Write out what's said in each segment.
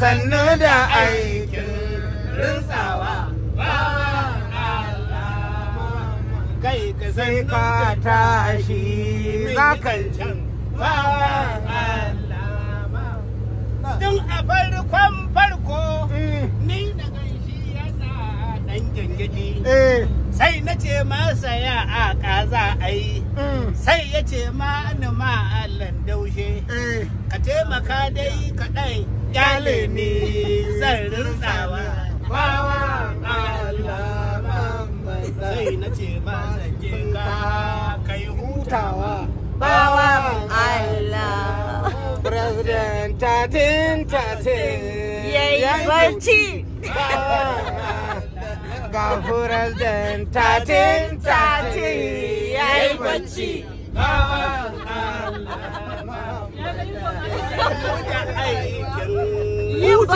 sannu da aikin rinsawa kai ka sai ka tashi za ka can tun a farkon farko eh. ni na ganshi yana dan gengedi eh. sai na ce masa ya a kaza ai mm. sai ya ce ma ni ma allan daushe eh. ka taimaka dai kaɗai kyale ni zan rintsawa bawa Allah banza sai na ce ba zage ka kai hutawa bawa Allah president tatin tatin yayi bacci ga president tatin tatin yayi bacci bawa Allah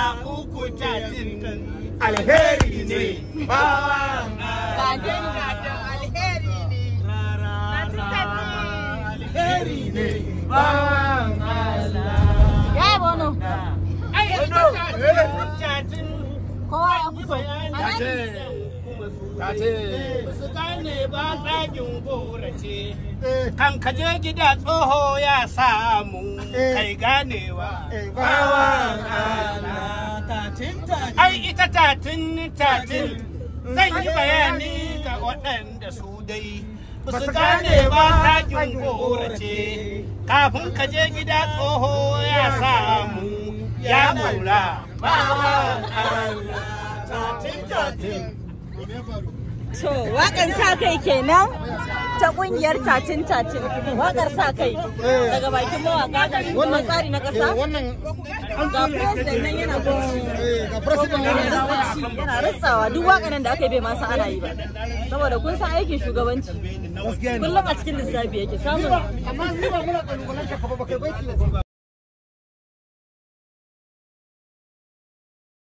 ta uku ta jinkan alheri ne ba alheri ne ta eh. kan kaje gida tsoho ya samu eh. kai ganewa eh, ita tatin tatin zan yi bayani ga waɗanda su dai ba su gane ba hakin korace kafin ka je gida tsoho ya samu ya maula ba tatin tatin to wakan sa kai kenan ta kungiyar tatin tatin wakar sa kai daga bakin mawaka da wannan tsari na kasa eh, wannan eh, ga president nan yana ga president nan yana rantsawa duk wakanan da aka yi bai masa ana yi ba saboda kun san aikin shugabanci kullum a cikin lissafi yake samun